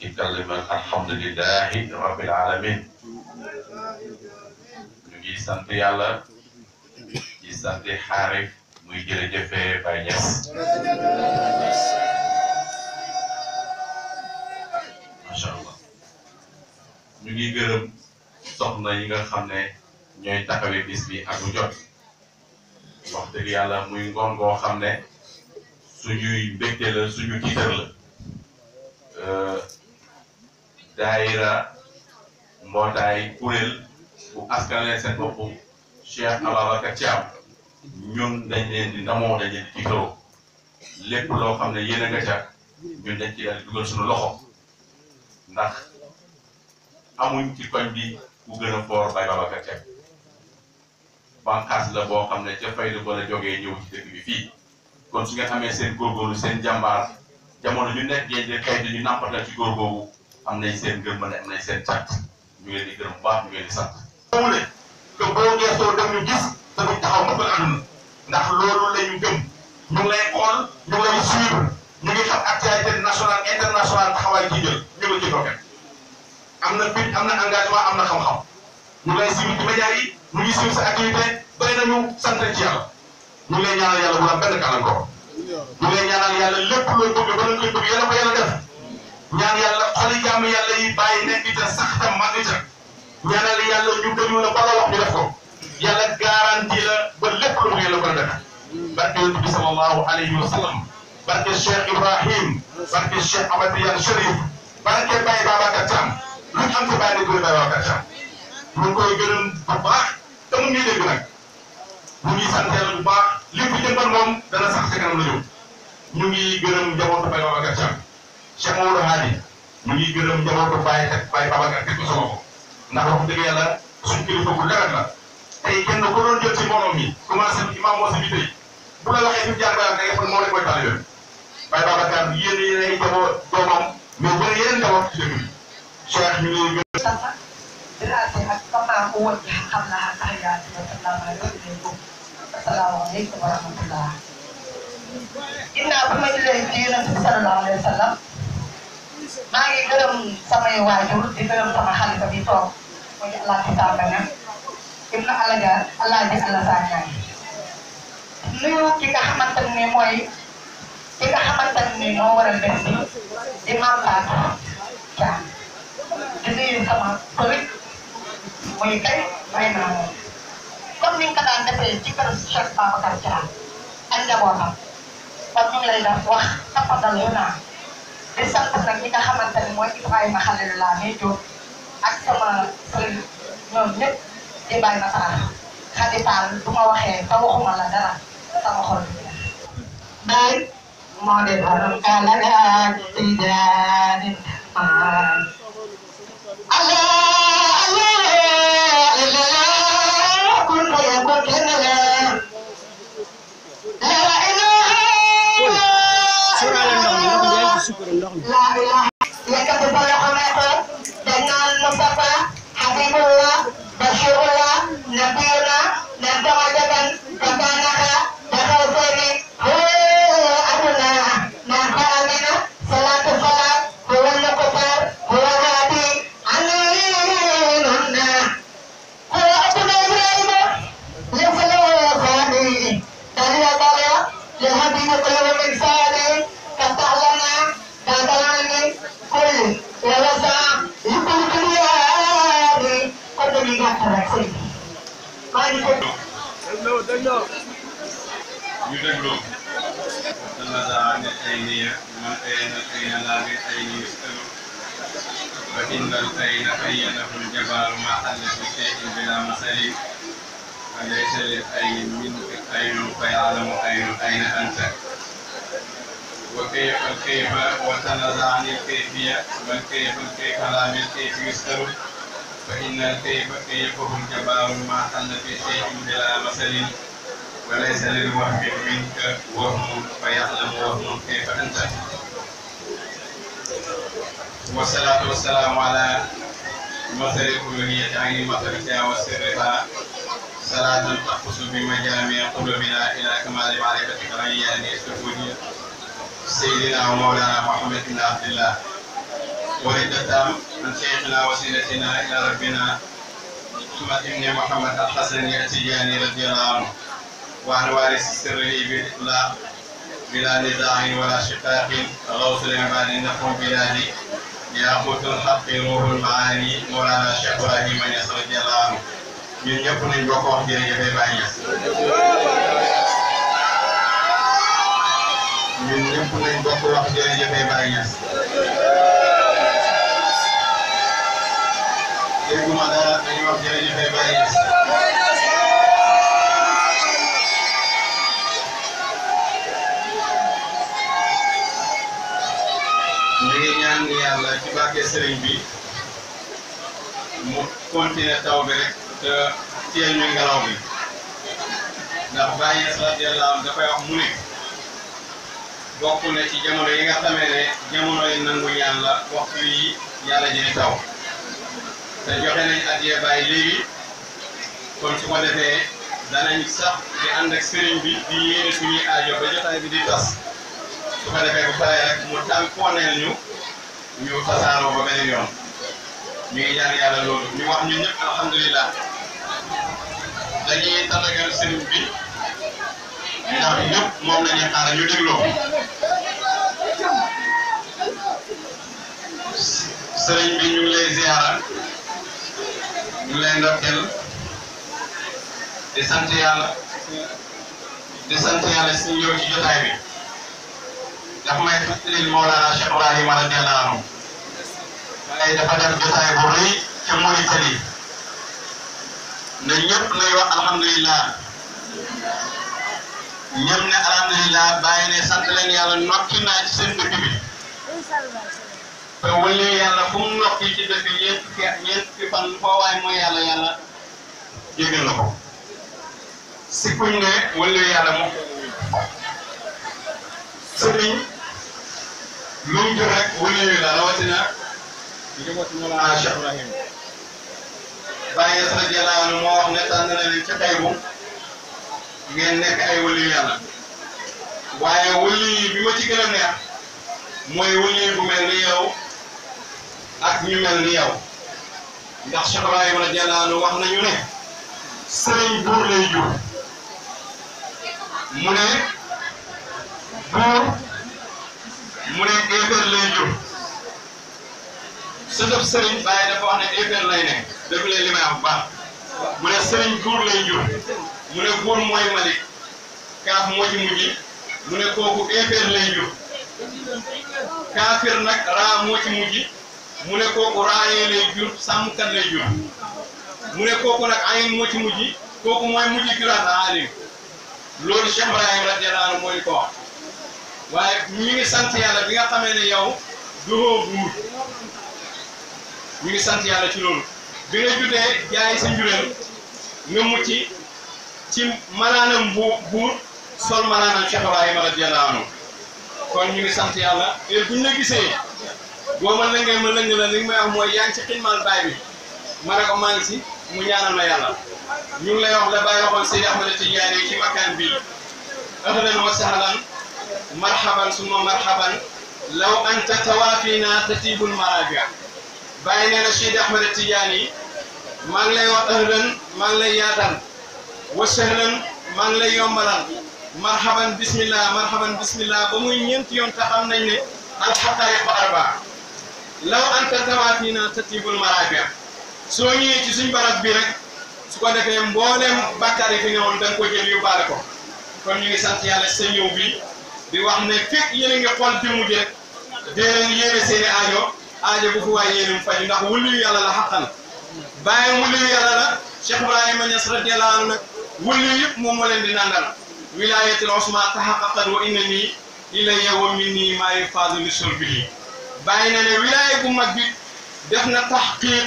yukalliman alhamdulilahi rabbil alamin ñu ngi sant yàlla di sant xaarif muy jërëjëfee Baye Niass allah ñu ngi gërëm na yi nga xam ne ñooy taxawee bis bi ak lu jot wax dëgg yàlla muy ngoon xam ne suñuy mbégte la suñu tiitar la euh, daayira mbootaay kuréel bu askanale seen bopp Cheikh Ababacar Thiam ñun dañ leen di ndamoo dañ leen di tiitaroo lépp loo xam ne yéen a nga ca ñun dañ ci daal dugal suñu loxo ndax amuñ ci koñ bi ku gën a foor Baye Babacar Thiam banqaas la boo xam ne ca fayda ba la jógee ñëw ci bi fii kon su ngeen amee seen góorgóorlu seen jàmbaar jamono ñu nekk ngeen di di ñu nàmpatal ci góor boobu am nañ seen gëm mën am nañ seen càcc ñu leen di gërëm dem ñu gis te duñ taxaw mukk àdduna ndax loolu la ñu gëm ñu ngi lay xool ñu ngi lay suivre ñu ngi xam actualité nationale am na fit am na engagement am na xam-xam ñu ngi lay suivre ci médias yi ñu ngi suivre sa activité doy nañu sant ci yàlla ñu ñaanal yàlla bu benn kàllankoor ñu ngi ñaanal yàlla lépp loo bëgg ba nga koy bëgg yàlla ko yàlla ñaan yàlla xoli a yàlla yi bàyyi nekk ca sax tam mag ca ñu la ba la wax ñu def ko yàlla garanti la ba lépp lu la ko def barke yonent bi sallallahu alayhi wa sallam barke Cheikh Ibrahim barke Cheikh Ahmad Tidiane Chérif barke Baye Babacar Thiam lu ñu am ci bàyyi déglu Baye Babacar Thiam ñu ngi koy gërëm bu baax te mu ngi dégg nag ñu ngi sant yàlla bu baax li mu jëmbal moom dana sax ci kanam la ñu ñu ngi gërëm Cheikh Maodo Hadi mu ngi gërëm njabootu Baye teg Baye Babacar teg ko sama ko ndax wax dëgg yàlla suñ kilifa bu dara la tey kenn ko doon jël ci mbooloo mi commencé bi imam moo si bi tey bu la waxee ñu jaar ba da nga xam moo rek mooy tali yoon Baye Babacar yéen yéen ay njaboot doomam mais bu yeneen njaboot ci dëkk bi Cheikh ñu ngi asalaamaaleykum wa rahmatulah. ginnaaw bi ma jëlee ci yonent bi sallallahu alayhi wa sallam maa ngi gërëm samay waajur di gërëm sama xalifa bi toog muy Alaaji Samba Niang ibnu Alaja Alaaji Alassane Niang nuyu ki nga xamante ne mooy ki nga xamante ne moo waral bés bi di Mame Fatou Dia di nuyu sama collègue muy kay may naa moom comme ni nga ko daan defee ci kër Cheikh Babacar Dia ak njabootam kon ñu ngi lay def wax tafadal yu naa di sant nag ñi nga xamante ne mooy Ibrahima Khalil Lamé Diop ak sama sëriñ ñoom ñëpp di bàyyi na faal Xadi Faal bu ma waxee te waxuma la dara sama xol bi la. baay moo di borom kàllaale ak tijaani faal. Allah Allah Allah kun fa yakun kenn la. laa ilaha nekkati fa yoo xam ne xool dañ naan Mustafa Habibullah Bashirullah Nabiyuna nan dama jagan bakanaka dakaw seeni hoo aduna nan fa amina salatu salam huwa nukusar huwa hadi aminunna huwa aduna ibrahima yasulu khadi dalila dalila lihabibi qulubu min saa ñu ko. dégloo dégloo. ñu dégloo. dana daa ne ay niya man ay na ay na laa ne ay niya tëlu. ba indal ay na ay ya daful jabaal ma àll bi tey bila masali. وليس لأي منك أين فيعلم أين أين أنت وكيف الكيف وتنازع عن الكيفية بل كيف الكيف لا من كيف يستر فإن الكيف كيفهم كبار ما حل في شيء بلا مثل وليس للوهم منك وهم فيعلم وهم كيف أنت والصلاة والسلام على مثل كلية عين مثلها وسرها صلاة تقص بمجامع قلوبنا إلى كمال معرفتك ريان سكوني سيدنا ومولانا محمد بن عبد الله وعدة من شيخنا وسيلتنا إلى ربنا ثم إن محمد الحسن يأتياني رضي الله عنه وعن وارث السر لي بالإطلاق بلا نزاع ولا شقاق غوث العباد نقوم بلادي يا قوت الحق روح المعاني مولانا شيخ إبراهيم يسر رضي الله عنه ñun ñëpp nañ bokk wax jërëjëf Baye Niass ñun ñëpp nañ bokk wax jërëjëf Baye Niass dañuy wax jërëjëf ngi yàlla ci barke sëriñ bi mu continuer taw bi rek te teel ñu bi ndax Baye Niass radiyallahu anhu dafay mu ne bokk ci jamono yi nga xamee ne yi nangu ñaan la yi yàlla jëri taw te joxe nañ addiya Baay léegi kon su ko defee danañ sax di ànd sëriñ bi di yéene suñuy aajo ba jotaay bi di tas bu paree rek mu tànkooneel ñu ñu tasaaroo yoon ñu ngi ñaan yàlla loolu ñu wax ñun ñëpp alhamdulilah dañuy tànnagal sëriñ bi ndax ñëpp moom la ñuy xaaral ñu dégloo. sëriñ bi ñu ngi lay ziara ñu lay ndokkeel di sant yàlla di sant yàlla si jotaay bi ndax may fàttalil Mawlana Cheikh Ibrahima radiyallahu anhu tey dafa def jotaay bu rëy ca Mauritanie ne ñëpp lay wax alhamdulilah ñëpp ne alhamdulilah bàyyi ne sant leen yàlla nokki naa ci seen dëkk wëlee yàlla fu mu noppi ci dëkk ñeent fi ñeent fi fan waaye mooy yàlla yàlla yëgal na ko sikkuñ ne wëlee yàlla moom sëriñ la moo wax ne tànn na leen ci xaybu ngeen nekk ay wëlee yàlla waaye wëlee yi bi ma ci gën a neex mooy wëlee bu mel ni yow ak ñu mel ni yow ndax Cheikh Ibrahima radiyallaahu anhu wax nañu ne sëriñ buur lay jur mu ne buur mu ne éfer lay jur sëriñ Baye dafa wax ne éfer ne déglu leen li baax mu ne sëriñ buur lay jur mu ne buur mooy Malick kaaf moo ci mu ne kooku éfer lay jur kaafir nag raa moo ci mu ne kooku raayee lay jur sàmmkat lay jur mu ne kooku nag ayin moo ci mujj kooku mooy mujj juraat aalim loolu Cheikh Ibrahim radiyallahu anhu mooy ko waaye ñu ngi sant yàlla bi nga xamee ne yow duhoo buur ñu ngi sant yàlla ci loolu bi nga juddee jaay sa njureel nga mucc ci ma bu buur sol malaanam Cheikh Ibrahim radiyallahu anhu kon ñu ngi sant yàlla et buñ la gisee boo ma lëngee ma lëng la li may wax mooy yaa ngi ci xilmal baay bi ma ne ko si mu ñaanal ma yàlla ñu ngi lay wax la bàyyi waxoon Seydi Ahmada Tidiane ci makkaan bii ahlan wa sahlan marhaban summa marhaban law anta tawaafina tatibul maraja bàyyi nee na Seydi Ahmada Tidiane yi maa ngi lay wax ahlan maa ngi lay yaatal wa sahlan maa ngi lay yombalal marhaban bismillah marhaban bismillah ba muy ñeenti yoon te xam nañ ne alxaqaayiqu arba law anta tawaatiina tatibul maraabi' soo ñëwee ci suñ barab bi nag su ko defee mbooleem bàkkaar yi fi newoon da nga ko jël yóbbaale ko kon ñu ngi sant yàlla sa ñëw bi di wax ne fekk yéen a ngi xool jëmu ji rek dee leen yéene seeni aajo aajo bu fi waay yéenum faju ndax wulliyu yàlla la xaqan bàyyi wulliyu yàlla la Cheikh Ibrahima Niass radiyallahu anhu nag wulliyu yëpp moom moo leen di nandal wilaayatul osma taxaqaqat wa a nii ilayya wa minni maa yufaadu li bàyyi na ne wilaaya bu mag bi def na taxqiq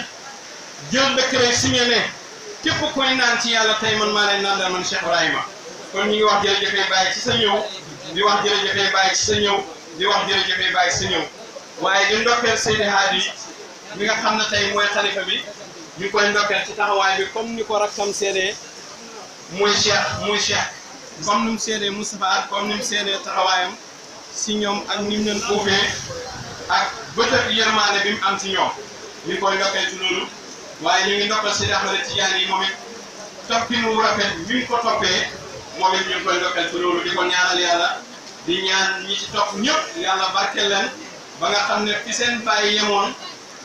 jël décret signé ne képp yàlla tey man maa leen naan daal man wax jërëjëfee bàyyi ci sa ñëw di wax jërëjëfee bàyyi ñëw di wax jërëjëfee bàyyi ci ñëw waaye di ndokkeel Seydi Hadi xam ne tey mooy xalifa bi ñu koy ci taxawaay bi comme ni ko rakkam seedee muy Cheikh muy Cheikh comme ni mu seedee Moustapha comme ni mu taxawaayam si ñoom ak ni mu leen ak bëtëb yërmaane bi mu am ci ñoom ñu ngi koy ndokkee ci loolu waaye ñu ngi ndokkal Seydi Ahmada Tijaan yi moom it toppin wu rafet ñu ngi ko toppee moom it ñu koy ndokkal ci loolu di ko ñaanal yàlla di ñaan ñi ci topp ñëpp yàlla barkeel leen ba nga xam ne fi seen bàyyi yemoon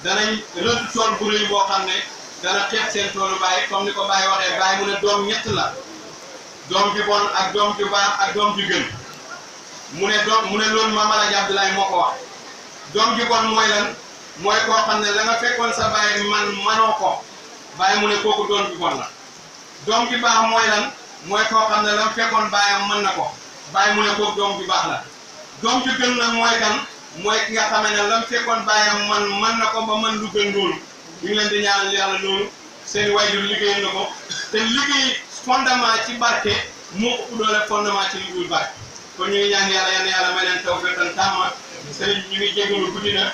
danañ rëdd tool bu rëy boo xam ne dana xeeb seen toolu bàyyi comme ni ko bàyyi waxee bàyyi mu ne doom ñett la doom ju bon ak doom ju baax ak doom ju mu ne doom mu ne loolu Maam Alaaji Abdoulaye moo ko wax doom ji kon mooy lan mooy koo xam ne la nga fekkoon sa baay man manoo ko baay mu ne kooku doom ji bon la doom ji baax mooy lan mooy koo xam ne la nga fekkoon mën na ko baay mu ne kooku doom baax la doom ji gën nag mooy kan mooy ki nga xamee ne lan mu fekkoon baayam man mën na ko ba man lu gën loolu ñu leen di ñaanal yàlla loolu seen waajur liggéey na ko te liggéey fondement ci barke moo ko doole fondement ci liggéeyu barke kon ñu ngi ñaan yàlla yal na yàlla may leen taw fetal taama sëriñ ñu ngi jégalu guddi na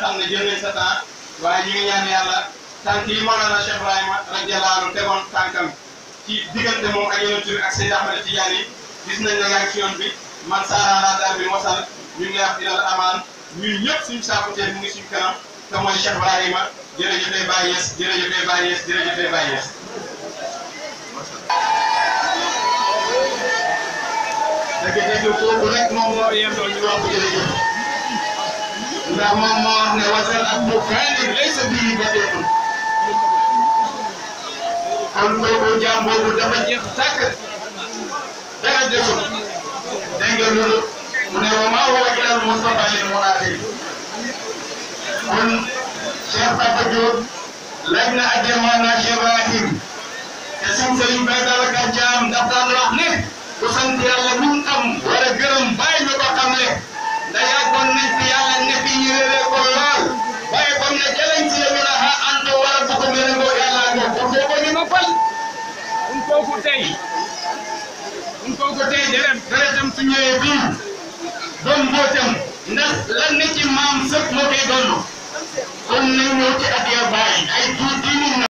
xam ne jël sa temps waaye ñu ngi ñaan yàlla tànk yi Mawlana Cheikh Ibrahima radiyallahu anhu tegoon tànkam ci diggante moom ak yonent bi ak Seydi Ahmad Tidiane yi gis nañ la yaa ngi ci yoon bi man saara bi wasal ñu ngi lay wax amaan ñun ñëpp suñu saako mu ngi suñu kanam te mooy Cheikh Ibrahima jërëjëf day bàyyees jërëjëf day bàyyees jërëjëf day bàyyees jërëjëf kooku rek moom moo yendoo ñu wax ko jërëjëf ndax moom moo wax ne wasal ak bu kaani laysa bihi badeetun kon kooku jaam boobu dafa jeex tàkk dara desul dégg nga loolu mu ne wa maa huwa illal Mustafa lil mu'aaxiri kon Cheikh Papa Diop laaj na addeemoon naa Cheikh Ibrahim te suñ sëriñ bay dara ka jaam daf daan wax ne ku sant yàlla mun am wala gërëm bàyyi ñu ko xam le nda yàggoon nañ fi yàlla ne fi yéene ko lool waaye comme ne jëlañ ci yéen ah a xa ànd wala bu ko mel ngoo yàlla ngoo ko foo ko ñu tey un tey deret deretam su ñëwee bii doon mbootam ndax lan ne ci maam sëpp moo koy doon kon nañ ñëw ci ak ya bàyyi ay tuuti